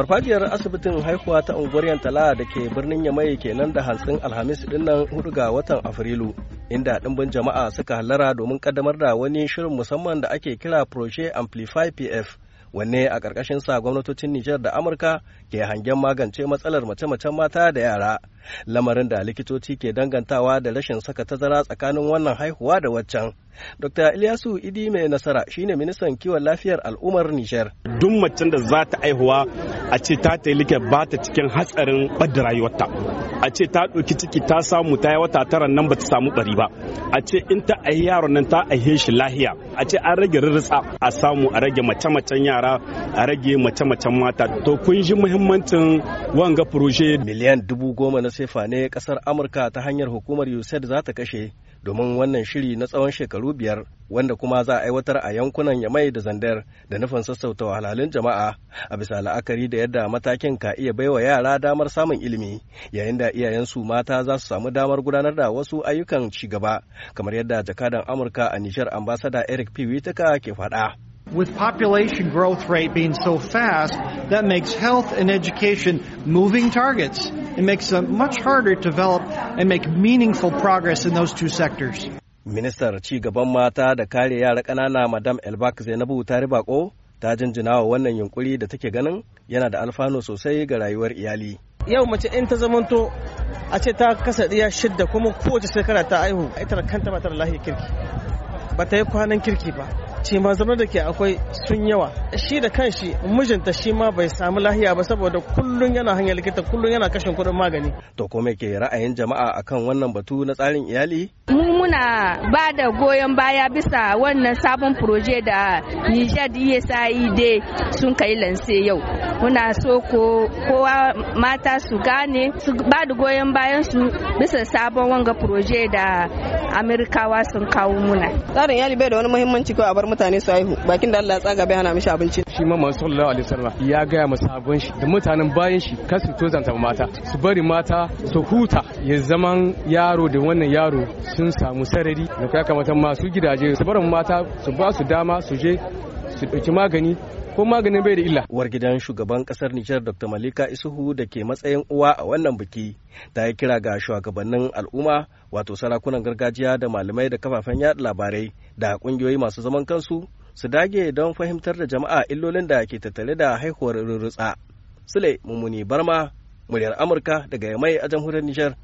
farfajiyar asibitin haihuwa ta unguwar yantala da ke birnin yamai kenan da hantsin alhamis dinnan hudu ga watan afrilu inda ɗimbin jama'a suka hallara domin kaddamar da wani shirin musamman da ake kira proje amplify pf wanne a ƙarƙashin sa gwamnatocin nijar da amurka ke hangen magance matsalar mace-macen mata da yara lamarin da likitoci ke dangantawa da rashin saka tazara tsakanin wannan haihuwa da waccan. Dr. Ilyasu Idi mai nasara shine ministan kiwon lafiyar al'ummar Nijar. Duk macen da za ta haihuwa a ce ta tailike ba ta cikin hatsarin ɓadda rayuwarta. A ce ta ɗauki ciki ta samu ta yi wata tara nan ba ta samu ɓari ba. A ce in ta ahi yaron nan ta aihe shi lahiya. A ce an rage rirtsa a samu a rage mace-macen yara a rage mace-macen mata. To kun ji muhimmancin wanga furoshe. Miliyan dubu goma na da sefa ne kasar amurka ta hanyar hukumar usaid za ta kashe domin wannan shiri na tsawon shekaru biyar wanda kuma za a aiwatar a yankunan yamai da zandar da nufin sassauta wahalhalun jama'a a bisa la'akari da yadda matakin ka iya baiwa yara damar samun ilimi yayin da iyayensu mata za su samu damar gudanar da wasu ayyukan ci gaba kamar yadda jakadan amurka a nijar ambasada eric p. ke faɗa. With population growth rate being so fast, that makes health and education moving targets. It makes it much harder to develop and make meaningful progress in those two sectors. Minister ci mata da kare yara ƙanana Madam Elbak Zainabu ta ribako ta jinjina wa wannan yunkuri da take yana da alfano sosai ga rayuwar iyali. Yau mace in ta zamanto a ce ta kasa ɗiya shidda kuma kowace shekara ta aihu ita kanta matar lahi kirki ba ta yi kwanan kirki ba cimazanar da ke akwai sun yawa shi da kanshi mijinta shi ma bai samu lahiya ba saboda kullum yana hanyar likita kullum yana kashin kuɗin magani to ko ke ra'ayin jama'a akan wannan batu na tsarin iyali mu muna ba da goyon baya bisa wannan sabon proje da Nijar USAID sun kai lanse yau muna so ko kowa mata su gane su ba da goyon bayan su bisa sabon wanga proje da Amerikawa sun kawo muna. Tsarin iyali bai da wani muhimmanci kawai a bar mutane su haihu bakin da Allah ya tsaga bai hana mishi abinci. Shi ma Mansu sallallahu alaihi wasallam ya gaya masa sabon shi da mutanen bayan shi kar su tozanta mata su bari mata su huta ya zaman yaro da wannan yaro sun samu sarari da ya kamata masu gidaje su bar mata su ba su dama su je su ɗauki magani ko maganin bai da illa. Uwar gidan shugaban ƙasar Nijar Dr. Malika Isuhu da ke matsayin uwa a wannan biki ta yi kira ga shugabannin al'umma wato sarakunan gargajiya da malamai da kafafen yada labarai da ƙungiyoyi masu zaman kansu su dage don fahimtar da jama'a illolin da ke tattare da haihuwar rurrutsa. Sule Mumuni Barma, muryar Amurka daga Yamai a jamhuriyar Nijar.